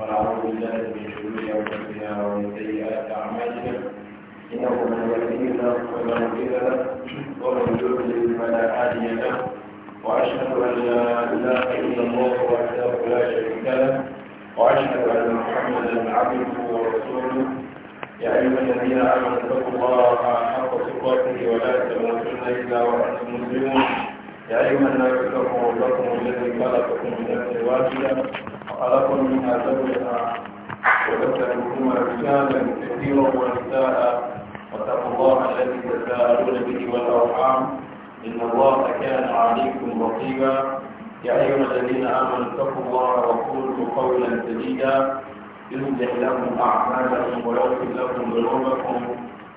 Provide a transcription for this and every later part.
ونعوذ بالله من شرور انفسنا ومن سيئات اعمالنا انه من يهده الله فلا مضل له ومن يضلل فلا هادي له واشهد ان لا اله الا الله وحده لا شريك له واشهد ان محمدا عبده ورسوله يا ايها الذين امنوا اتقوا الله حق تقاته ولا تموتن الا وانتم مسلمون يا ايها الناس اتقوا ربكم الذي خلقكم من نفس واحده خلق منها زوجها وبث لكم رجالا كثيرا ونساء واتقوا الله الذي تساءلون به والارحام ان الله كان عليكم رقيبا يا ايها الذين امنوا اتقوا الله وقولوا قولا سديدا يصلح لكم اعمالكم ويغفر لكم ذنوبكم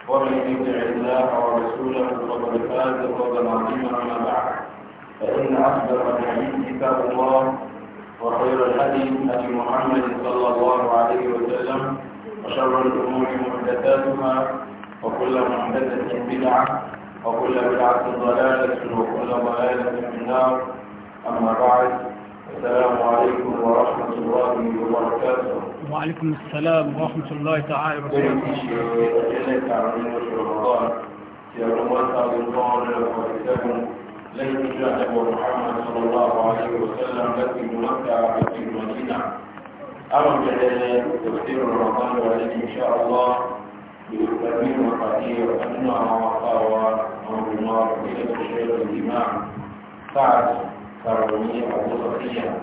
ومن يطع الله ورسوله فقد فاز فوزا عظيما اما بعد فان اصدق الحديث كتاب الله وخير الهدي هدي محمد صلى الله عليه وسلم وشر الأمور محدثاتها وكل محدثة بدعة وكل بدعة ضلالة وكل ضلالة في النار أما بعد السلام عليكم ورحمة الله وبركاته وعليكم السلام ورحمة الله تعالى وبركاته. ليس جاهد محمد صلى الله عليه وسلم التي ممتع في المدينة أمر جلالة تفسير رمضان والذي إن شاء الله يستمر قدير أنها وقاوى منظمات إلى الشيخ الإمام سعد كرمية أبو صفية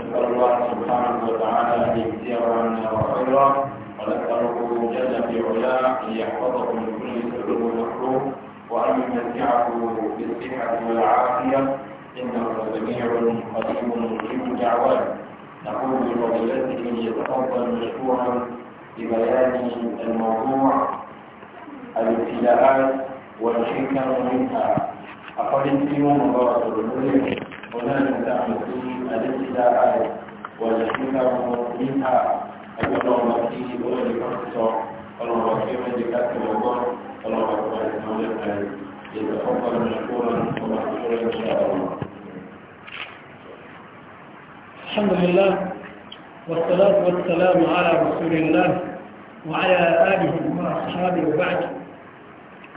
نسأل الله سبحانه وتعالى أن يكثرنا وخيرا ونسأله جل في علاه أن يحفظه من كل سبب ومكروه وأن يمتعه بالصحة والعافية إنه سميع قريب مجيب دعوات نقول بفضيلته يتفضل مشكورا ببيان الموضوع الابتلاءات والحكم منها أقل الدين مبارك الأمور هناك تعمل في الابتلاءات والحكم منها أيضا ما فيه ولد الفرصة والمباشرة لكاتب الوقت الحمد لله والصلاة والسلام على رسول الله وعلى آله وأصحابه وبعد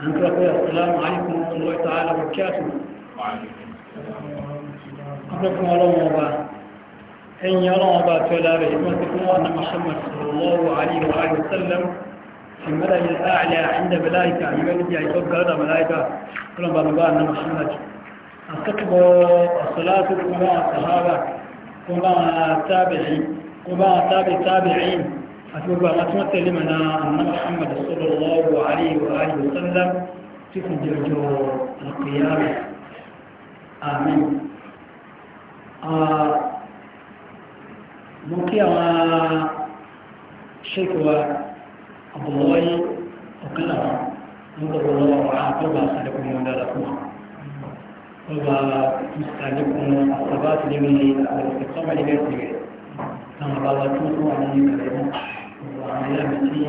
أن تقول السلام عليكم ورحمة الله تعالى وبركاته وعليكم السلام ورحمة الله وبركاته أن يرى ما تلابه ما تكون محمد صلى الله عليه وآله وسلم في الملأ الأعلى عند ملائكة يمني يعجب هذا ملائكة كلهم بابا أن محمد أستقب الصلاة كما الصحابة كما التابعين كما تابع التابعين أتوب ما تمثل لمنا أن محمد صلى الله عليه وآله وسلم في جوجو القيامة آمين آه ممكن آه، شيخ abubuwai su kala muka zama wa a ko ba su da kuma da kuma ko ba su sami kuma a ba su nemi a wasu kama ne mai tsere kan ba ba su kuma ne mai tsere ba a yi abinci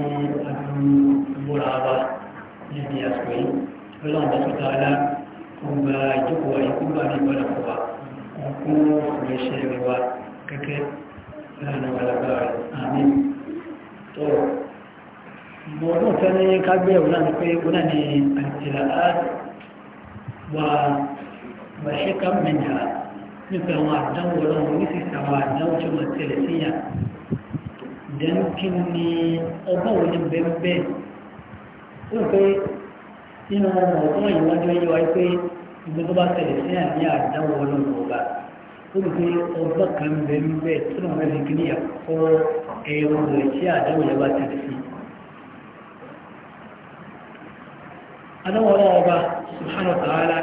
a kan mura ba ne biya su yi wala ba su tala kuma ji kuwa yi kuma ne ba da kuwa kuma su yi shirwa kake ranar walabar amin to bọ̀dún fẹ́ ní kágbẹ̀rù náà ni pé wọ́n náà ni al-ibtilaat wà bàṣẹ́kà mẹ́ta nípa àwọn àdánwò ọlọ́run ní sísà àwọn àdánwò tí wọ́n tẹ̀lẹ̀ síyà dẹnu kí ni ọgbà wo ni bẹ́ẹ̀ ó pé nínú ọ̀gbọ́n ìwájú ẹyẹ wa pé ìgbẹ́ tó bá tẹ̀lẹ̀ síyà ní àdánwò ọlọ́run ọba ó lè pé ọgbà kan bẹ́ẹ̀ tó ni ẹ̀kọ́ ẹ̀rọ rẹ̀ tí àdánwò yẹn adáwọ̀lọ́ ọba subhanahu wa ta'ala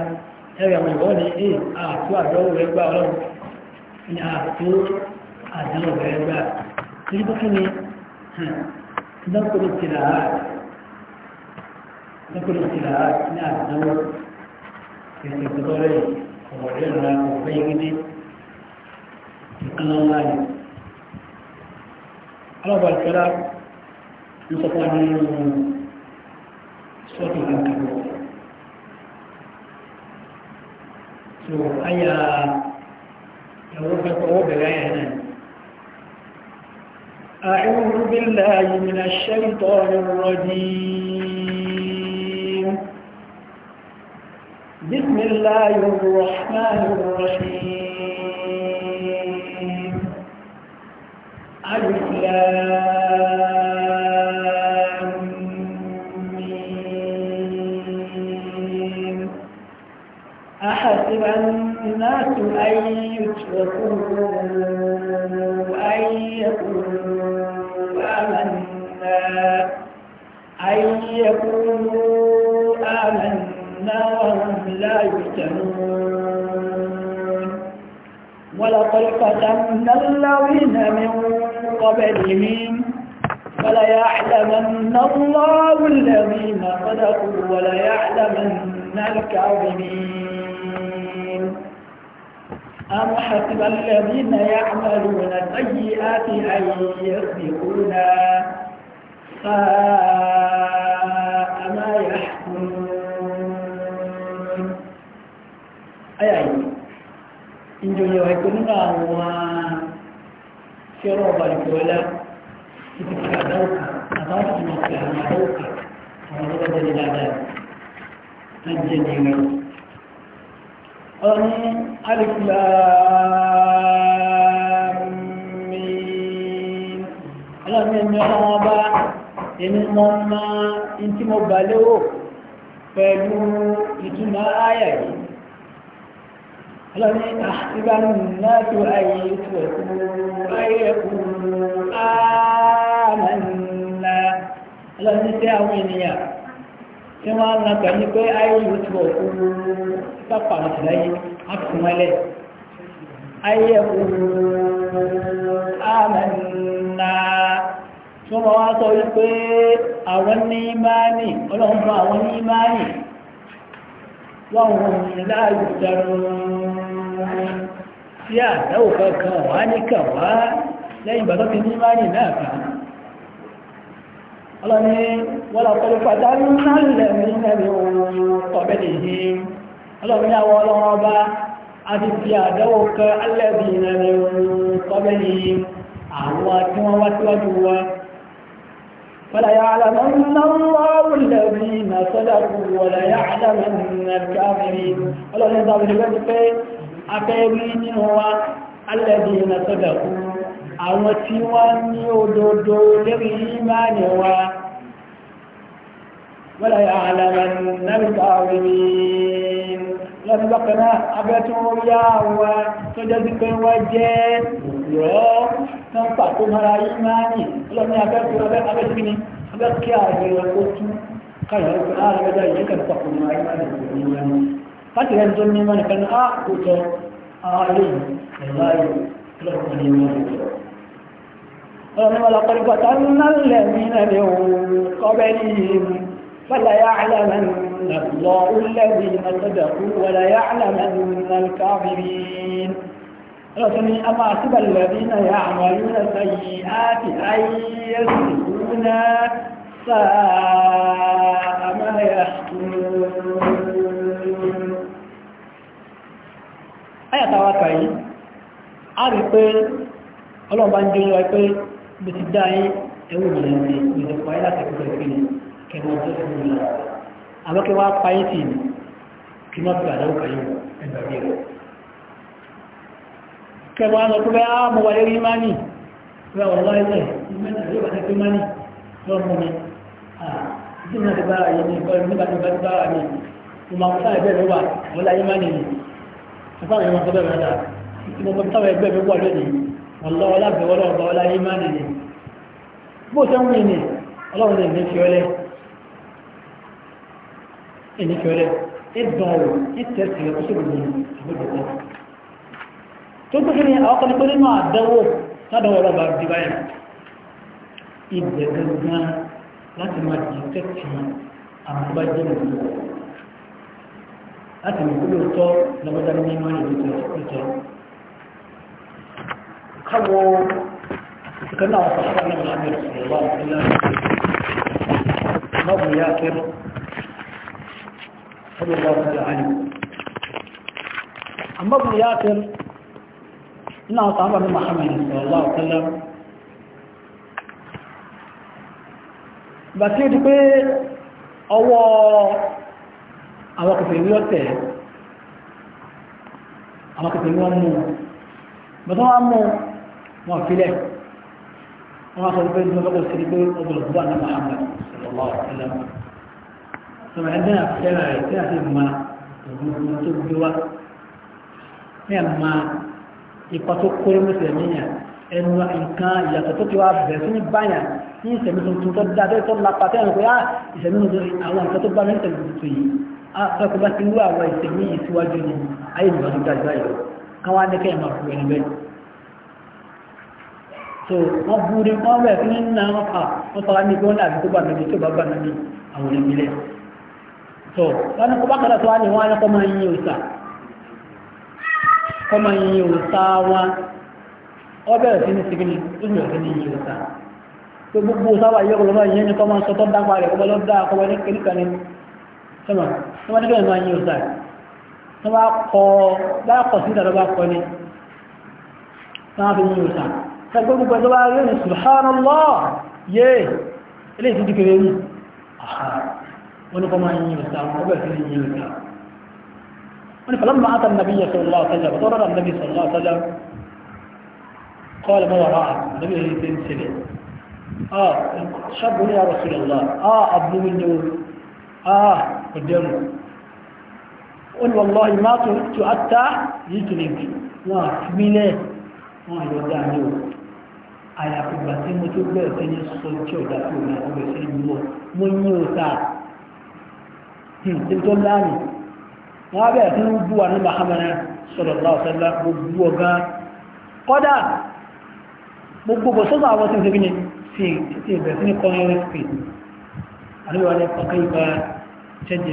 ẹ̀rẹ̀ àwọn ìwọ́ ni ẹ̀ àtú àjọwò rẹ̀ gbà ọlọ́run ni àtú àjọwò rẹ̀ gbà torí bó kí ni lọ́kùnrin tìlà lọ́kùnrin tìlà ní àjọwò ètò ìtọ́lẹ̀ ọ̀rẹ́ ìrìnà ọ̀fẹ́ ìrìnà ìkànnà láàyè ọlọ́bàá ìfẹ́lá ń sọ fún àwọn سورة العنكبوت so aya يوم القوة لا ينام أعوذ بالله من الشيطان الرجيم بسم الله الرحمن الرحيم ألف يقولوا آمنا وهم لا يفتنون ولقد فتنا من قبلهم وليعلمن الله الذين صدقوا وليعلمن الكاظمين أم حسب الذين يعملون السيئات أن يسبقونا ساء ما يحكمون أي أي إن جميع يكونون شرب الكولا يتكادوك أضافت مكة أضافت أضافت لله أنجني ọ̀run alìsìláàmì aláàmì ọmọ ọba èmi mọ́ máa ń tí mo gbà lérò pẹ̀lú ìtumọ̀ ayà yìí aláàmì àṣìbánu láti ayé ìtùwẹ̀kú ayẹ́kú àmàlà aláàmì tí wọ́n á nàgbà ní pé ayélu tí wọ́n kú sápà àti láyé á fi mọ́lẹ̀ ayé kú àmàlà tí wọ́n wá sọ wípé àwọn ní ìmáàní ọlọ́run fún àwọn ní ìmáàní wọ́n wọ́n láàyè dàrú sí àdáwò kankan wá ní kàwá lẹ́yìn bàbá ní ìmáàní náà kan ọlọ́ni wọ́lá pẹ̀lú pàdánù nálẹ̀ nílẹ̀ ọ̀bẹ̀lẹ̀ yìí ọlọ́ni àwọ ọlọ́run ọba a ti fi àdẹ́wò kẹ alẹ́bì nílẹ̀ ọ̀bẹ̀lẹ̀ yìí àwọn tí wọ́n wá síwájú wa àwọn tí wọ́n ní òdodo lórí ìmáni wa wọ́la yà àlàmà nàbìkà òní lọ́sí bákaná abẹ́tún orí àwa tó jẹ́ sí pé wọ́n jẹ́ yọ́ tán pàtó mara ìmáni lọ́ní abẹ́tún abẹ́tún ní abẹ́kí àgbẹ̀rẹ̀ kó tú káyọ̀ ọ̀pọ̀ àrẹ́gbẹ́dá ìyẹ́kẹ̀ pàtó tó ní mọ́nìkan á ah, kò tọ́ ààrẹ ìgbàláyé lọ́pọ̀ ní mọ́nìkan ọ̀rẹ́ wọn lọ́kọ́ nípa tá ń lẹ̀ mí náà ní òun kọ́bẹ́ yìí fẹ́lẹ̀ yá àlàmẹ́ lọ ulẹ́bí nàtọ́dẹ̀kú wẹ̀lẹ̀ yá àlàmẹ́ nàlkábìrì ọ̀sán ni a máa síbẹ̀ lẹ́bí náà yá àwọn ilẹ̀ sẹ́yìn áti ayé sùkú náà sáà máa yà ayàtàwà kàyí a rí pé ọlọ́ọ̀bá ń jẹ́ pé bí ti dá yín ẹwù ìlẹ̀ ní ìdẹ̀kọ̀ ayé láti ẹ̀kọ́ ìpínlẹ̀ kẹmọ́ tó fún mi lọ àmọ́ kí wọ́n á pa yín sí kí wọ́n fi àdáwò kàyé ẹgbà bí rẹ̀ kẹmọ́ àwọn ọkọ̀ bẹ́ẹ̀ á ah, mọ̀ wà lérí mání bí àwọn ọlọ́ ilẹ̀ ìmẹ́ta yóò bá tẹ́kẹ́ mání lọ́mọ mi àti ìdí náà ti bá àyè ní ìbọn nígbà tí wọ́n láyé mání ọlọ́wọ́ lábẹ̀wọ́ lọ́wọ́ ọlá ìmánì ni bó ṣe ń wí ni ọlọ́run ní fi ọlẹ́ ẹni e fi ọlẹ́ ẹgbọ́n rẹ̀ ìtẹ̀sí rẹ̀ ṣe gbogbo àbúgbò tó gbogbo ní àwọn kan ní pé nínú àdánwò ládánwò ọlọ́ba dìbáyà ibẹ̀ gangan láti máa jẹ tẹ́tì àbúgbàjẹ́ nìyí láti mọ̀ kúlò tọ́ lọ́gbọ́dá ní mímọ́ ìlú tọ́ káwọ ìkan náà wọ́n sọ́kọ́ náà lábẹ́ ìṣẹ̀lẹ̀ wà nílẹ̀ náà bù yá kẹrù sọ́dọ̀ bá wọ́n sọ́dọ̀ hàn amma bù yá kẹrù ina wọ́n sábà ní mahamman sallallahu alaihi wasallam bàtí ó di pé ọwọ́ àwọn kòfèrè lọ́tẹ̀ àwọn kòfèrè wọ́n mú wọn filẹ̀ wọn sọ pé ní ọgbọ́dọ̀ sí pé ọgbọ́dọ̀ gbọ́ àná Muhammad sallallahu alaihi wasallam sọmọ ẹgbẹ́ náà fẹ́ràn rẹ̀ tí a ti ma ògùn tó gbé wá ní ẹ̀ ma ipa tó kóró ní ìsẹ̀mí yẹn ẹnu nǹkan ìyàtọ̀ tó ti wá bẹ̀rẹ̀ sí ní báyà ní ìsẹ̀mí tuntun tó dáa tó lápá tẹ́ ẹ̀rọ pé á ah, ìsẹ̀mí àwọn nǹkan tó so wọ́n búrí wọ́n rẹ̀ fún ní náà wọ́n pa wọ́n sọ ní gbọ́nà àbí tó bá nàbí tó bá gbànà ní àwọn ìmìlẹ̀ so wọ́n kọ́ bákan náà tó wá ní wọ́n á kọ́ máa yin òòsà kọ́ máa yin òòsà wọn wọ́n bẹ̀rẹ̀ sí ní sigini ó sì bẹ̀rẹ̀ sí ní yin òòsà pé gbogbo sábà yẹ kọlọ́mọ yẹn ni kọ́ máa sọ tó dápa rẹ̀ kọ́ lọ́dá kọ́ ní kéríkà ní sọ́mà tó bá nígbà máa yin fi yin òòsà ẹgbẹ́ gbogbo ẹgbẹ́ bá rí subhanallah yé ilé ìsìn dìkẹ̀rẹ̀ yìí wọ́n ni kọ́ máa yìí ìsà wọ́n bẹ̀rẹ̀ sí yìí ìsà wọ́n ni falamma ata nabiyya sallallahu alaihi wasallam tọ́rọ̀ nabi sallallahu alaihi wasallam qala ma wara'a nabi yìí ti ń sílẹ̀ ah shabu ya rasulullah ah abu min yau ah kudiru wọ́n wallahi ma tu hatta yìí kìlìkì wọ́n fi mílẹ̀ wọ́n yóò dáa ní òkú àyàfi gbà tí mo tó bẹ̀rẹ̀ sí ní sọ tí ọ̀dà tó ní àwọn ọ̀bẹ̀ sí ní lọ mo yín o ta tí tó láàmì wọ́n á bẹ̀rẹ̀ sí ní bú àní mahamana sọ̀rọ̀ láwọ̀sọ́lá gbogbo ọ̀gá kọ́dà gbogbo bọ̀ sọ́dọ̀ àwọn tí mo fi ní sí ti ìbẹ̀rẹ̀ sí ní kọ́rin rẹ̀ pè àríwá ní ọ̀kẹ́ ìgbà àti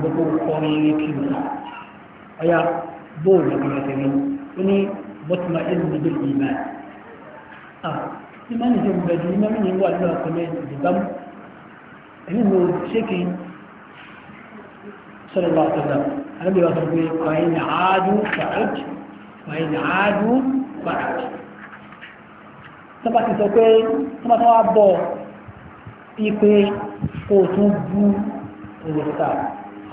gbogbo kọ́rin rẹ̀ kí ọ̀yà bóòlù ọ̀gbìnrin ní ó ní bọ́tùmá ìlú ní ìmáà ah ìmáà nìjọ gbẹ̀dù ìmáà ní wà nínú ọkùnrin ìdìbámú ẹ̀mí mo ṣé kí sọ́dọ̀ bá ọ̀tọ̀ náà alábìyà sọ pé fàyín àádú fàáj fàyín àádú fàáj tọ́ba ti sọ pé tọ́ba tó wá bọ̀ ipe kò tún bú òrùka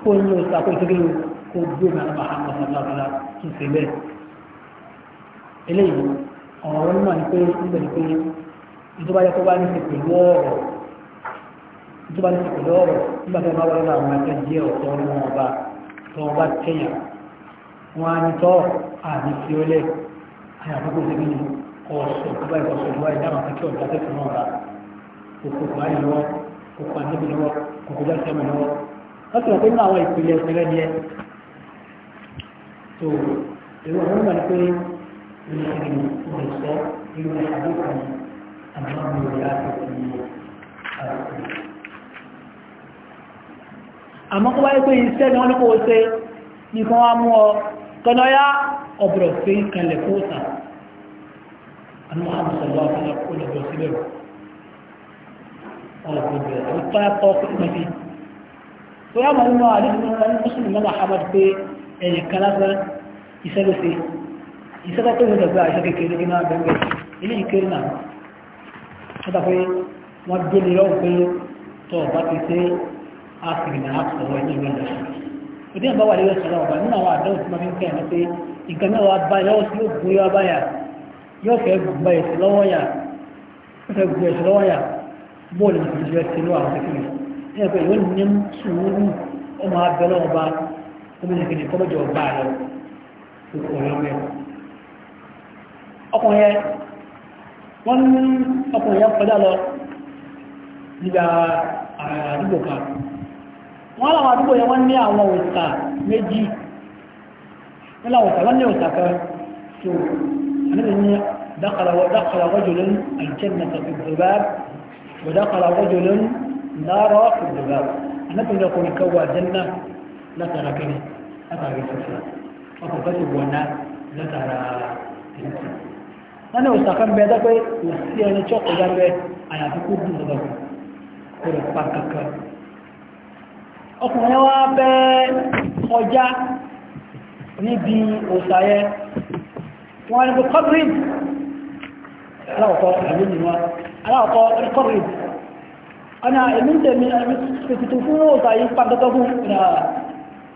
kò ní òrùka kò tún bí òrùka kó gbé màá bá àwọn ọ̀sánlábàlá tún ṣe bẹ́ẹ̀. eléyìí ọ̀rọ̀ wọn náà ni pé níbẹ̀ ni pé ìjọba yẹ kó bá ní ṣe pẹ̀lú ọ̀rọ̀ ìjọba ní ṣe pẹ̀lú ọ̀rọ̀ nígbà tó bá wọlé àwọn ẹgbẹ́ díẹ̀ ọ̀tọ̀ wọn ọba tó wọn bá tẹ̀yàn wọn á ní tọ́ àmì fi ó lẹ̀ àyàfókò ṣe bí ọ̀sọ̀ tó bá ìkọ̀sọ̀ ìwà ìdáhùn akẹ́kẹ́ ọ̀gá tẹ̀sán náà bá kòkò báyìí lọ́wọ́ kòkò àdébì lọ́wọ́ kòkò jáde sẹ́mi lọ́wọ́ wọ́n pé nínú àwọn ìpìlẹ̀ ìpìlẹ̀ ni tó ìwọ àwọn ọmọ pé ìṣèlú òṣìṣẹ́ ìlú ìṣàlù kan àmọ́ mi ò yá àti ti àti. àmọ́ kó wáyé pé iṣẹ́ ni wọ́n ní kó o ṣe nìkan wá mú ọ tọ́nà yá ọ̀bọ̀rọ̀ sí ìkànlẹ̀ fóòtà àwọn àmìsọ̀lọ́ àfẹ́lẹ́ olùgbọ̀ sílẹ̀ ọ̀gbọ̀gbẹ̀ tó tọ́ ẹ̀kọ́ fún ìpínlẹ̀ tó yá mọ̀ nínú àdínkù ní mọ́sùlùmí mọ́mọ́ àhábàd pé ẹ̀yìn kan lásán iṣẹ́ ló ṣe iṣẹ́ tó tóbi lọ́gbà iṣẹ́ kékeré ní máa bẹ̀rẹ̀ ilé ìkéré náà wọ́n tàbí wọ́n gbé lè lọ́wọ́ pé tọ́ ọ̀bá ti ṣe àṣìrìnà àtọ̀wọ́ ilé ìwé lọ́sùn òdí àbá wà lè lọ́sùn ọ̀bá nínú àwọn àdáwò tí wọ́n fi ń kẹ́ ẹ̀ pé nǹkan náà wà bá yọ́ sí ó gbé wá báyà ní sùúrù ọmọ abẹ́lọ́wọ́ ọmọdé kejì kọ́mọ́jọ bá lọ ọkùnrin ọkùnrin wọ́n ní ọkùnrin yẹn kọjá lọ nígbà àdúgbò kan wọ́n láwọn àdúgbò yẹn wọ́n ní àwọn òòsà méjì wọ́n láwọn òòsà ní òòsà kan tó àníbi ní dákàlà wọ́jọ̀lẹ́ àìjẹ́mẹ̀ta ìgbòbá wọ́dákàlà wọ́jọ̀lẹ́ náírà ìgbòbá àníbi látara kí ni látara ìsìnkú ọkọ̀ bá ti wọ̀nà látara ìsìnkú wọ́n ní òṣàkà ń bẹ dápẹ́ kò sí ẹni tí ọkọ̀ dápẹ́ àyàfi kó dùn lọ́wọ́ kó lè pa kankan ọkùnrin wá bẹ́ ọjà níbi òṣà yẹn wọ́n ní kó kọ́bírìn aláwọ̀kọ́ àlónìí wọn aláwọ̀kọ́ kọ́bírìn ọ̀nà èmi ẹ̀mí tuntun fún òṣà yìí fún ìrìnà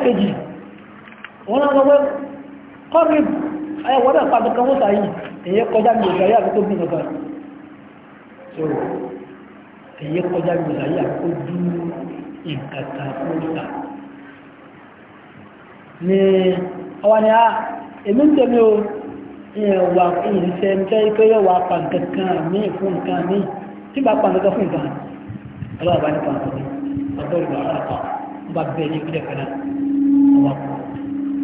ẹlẹ́ẹ̀kejì wọ́n rán lọ́wọ́ kọ́rin ẹwọ́dà pàtàkì wọ́n sàáyì èyẹ kọjá ní ìgbàyà àkókò bí nǹkan so èyẹ kọjá ní ìgbàyà àkókò bí nǹkan kan fún ìta ni ọwà ni a ah, èmi ń tẹ̀lé o ìwà ìrìnsẹ̀ ń tẹ́ ikẹ́ yẹ̀wà pàǹkankan mí fún nǹkan mí tí bá pàǹkankan fún nǹkan ọlọ́ọ̀bá ọgbọ́n ìgbà ọ̀rọ̀ àpá ń bẹ́ẹ̀ ní ìpínlẹ̀ kan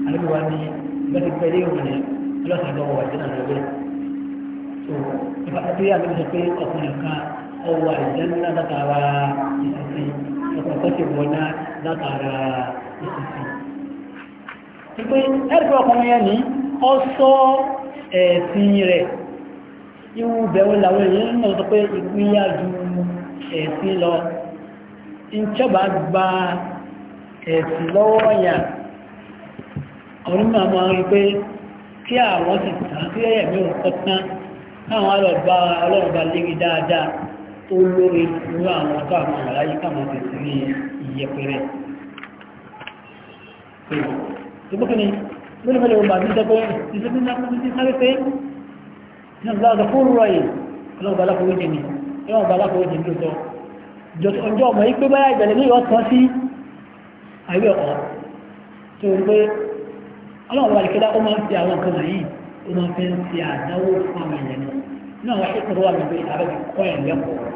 àlejò wa ní bẹ́ẹ̀ pẹ̀lú ìwọ̀n yẹn ọlọ́sàn lọ́wọ́ wà jẹ́ náà lọ́wọ́ so ìfàkàtí àlejò sọ pé ọkùnrin kan ọwọ́ àìjẹ́nà látara ìsinsin ọkùnrin tó ti wọná látara ìsinsin. ìpè ẹ̀rí ọkùnrin yẹn ní ọ sọ ẹ̀sìn rẹ̀ irú bẹ̀rù làwọn èèyàn náà sọ pé ìpínyà ju ẹ̀sìn lọ ìjọba gba ẹ̀sìn lọ́wọ́ yàn àwọn onímọ̀ máa rí pé kí àwọn ti tàn kí ẹ̀yẹ̀ mi ò kọ́ tán káwọn alọ́ba ọlọ́ọ̀ba lérí dáadáa tó lórí irú àwọn ọ̀tọ́ àwọn àlàyé káwọn ti sí ní ìyẹpẹrẹ ìgbókẹ́ni lórí fẹ́lẹ̀ ọba àti ìjọba ìjọba ìjọba ti sáré pé ìjọba ọ̀dọ̀ fún rọ̀ yìí ọlọ́ọ̀ba alákòwé jẹ ni ọlọ́ọ̀ba alákòwé jẹ ni lóòótọ́ ọjọ́ ọmọ yìí pé báyà ní ọ̀tọ́ sí àyè ọ̀tọ́ tó ń pé ọlọ́run wà lẹ́kẹ́dá ó máa ń fi àwọn nǹkan wọ̀nyí ó máa fẹ́ ń fi àdáwó fún àwọn èèyàn ni inú àwọn akẹ́kọ̀ọ́ wà lórí ààrẹ fi kọ́ ẹ̀ lẹ́kọ̀ọ́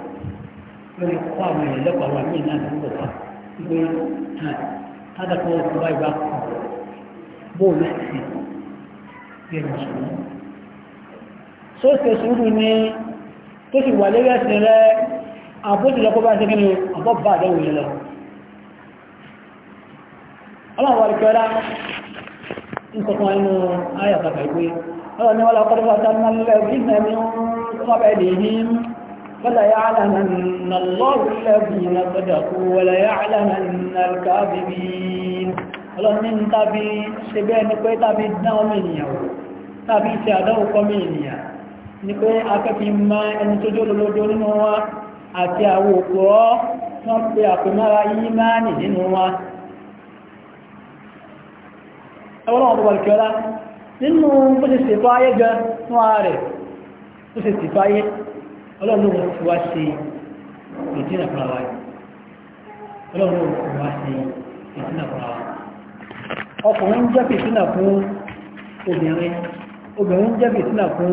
lórí kọ́ àwọn èèyàn lẹ́kọ̀ọ́ àwọn àmì náà ló ń bọ̀ wá gbé tádàkọ́ ọkọ̀ nǹkan inú ayà kàkà ìpé ọ̀rọ̀ ni wọ́n lọ kọ́rọ̀ fọ́tà náà lẹ́bí ìsẹ̀mí sọ́bẹ̀ lèyìn fọ́lá yà álàmà lọ́rù lẹ́bí na sọ́dọ̀kú wọ́lá yà álàmà nàlùkà bíbí ọlọ́ni tàbí ṣe bẹ́ẹ̀ pé tàbí dán tàbí ẹwọ́n wọn bọ̀bọ̀ ìkẹ́ọ́lá nínú bó ṣe ṣètò ayé gan fún ara rẹ̀ bó ṣe ṣètò ayé ọlọ́run ló fi wá ṣe ìdínà fún ara rẹ̀ ọlọ́run ló fi wá ṣe ìdínà fún ara rẹ̀ ọkùnrin jẹ́ fìtínà fún obìnrin obìnrin jẹ́ fìtínà fún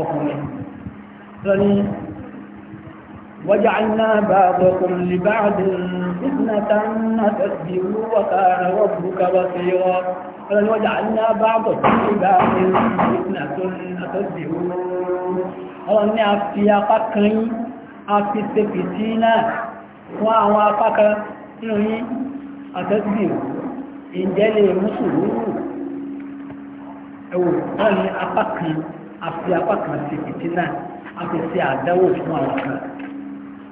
ọkùnrin وجعلنا بعضكم لبعض فتنة تصبروا وكان ربك بصيرا فلن وجعلنا بعضكم لبعض فتنة تصبروا ọ̀rọ̀ ní a fi apá kan yí a fi ṣe fìtí náà fún àwọn apá kan nínú yí àtẹ́sìdì ìjẹ́ lè mú sùúrù ẹ̀wò apá kan a fi apá kan ṣe fìtí náà a fi ṣe fún àwọn kan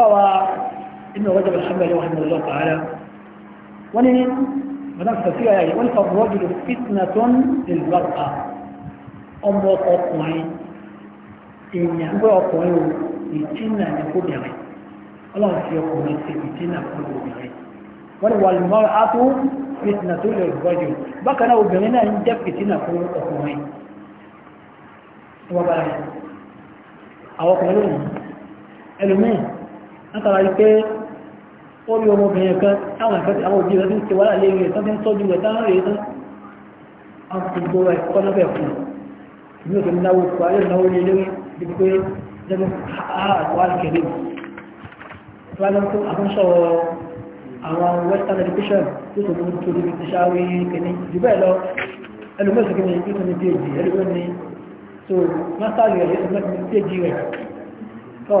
هو إنه وجب الحمد لله يعني، رحمه الله تعالى ولن بنفس فيها يعني ولف الرجل فتنة للبرقة أم وقوعين إن ينبع قوعين يتنى نقول يا غير الله سيقول نفسي يتنى قوعين ولو المرأة فتنة للرجل بقى لو بغنى إن جب يتنى قوعين وبعد أو قوعين ألمين látara ipé ó rí ọmọbìnrin kan táwọn ẹ̀fẹ́ tí àwọn òbí rẹ̀ ti wà láàrin rẹ̀ tán fi ń tọ́jú rẹ̀ tán rẹ̀ tán a ti gbó rẹ̀ kọ́ lọ́bẹ̀ fún ìlú òkè náwó kọ́ ayé náwó lé lórí ibi pé lẹ́nu àwọn àkèrè àwọn western education tó tó mú tó lórí ti ṣáwé kìíní jù bẹ́ẹ̀ lọ ẹlùmọ́sùn kìíní tó tó ní phd ẹlùmọ́ ni so master rẹ̀ ló ti mẹ́tí phd rẹ̀ tọ́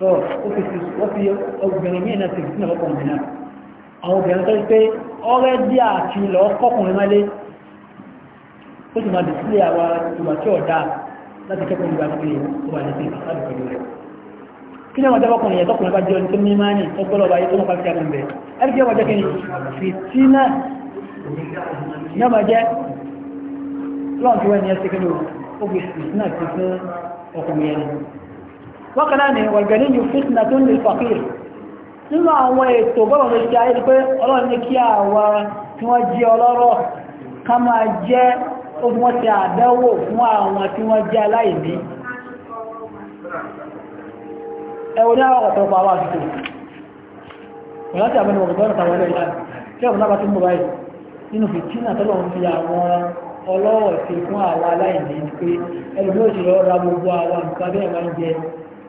tó wọ́n fi obìnrin ní ẹ̀nà sí ìfúnnà lọ́kùnrin náà àwọn obìnrin tó pé ọ̀rẹ́ dí àti lọ kọkùnrin mọ́lé ó sì máa dì sílé àwa ìgbà tí ọ̀dá láti kẹ́kọ̀ọ́ ìgbà pé ó wà ní sí ìfàsádù pẹ̀lú rẹ̀ kí náà wọ́n jẹ́ ọkùnrin yẹn tọkùnrin bá jẹ́ ọdún tó ní máa ní tọ́gbọ́lọ́ ọba tó máa lọ́kànlá ni wàlgani yóò fitna tó lè fàkìrì nínú àwọn ètò bọ́bọ̀ lè ṣe ayé pé ọlọ́run ní kí àwa tí wọ́n jẹ́ ọlọ́rọ̀ ká máa jẹ́ wọn ti fún àwọn tí wọ́n jẹ́ aláìní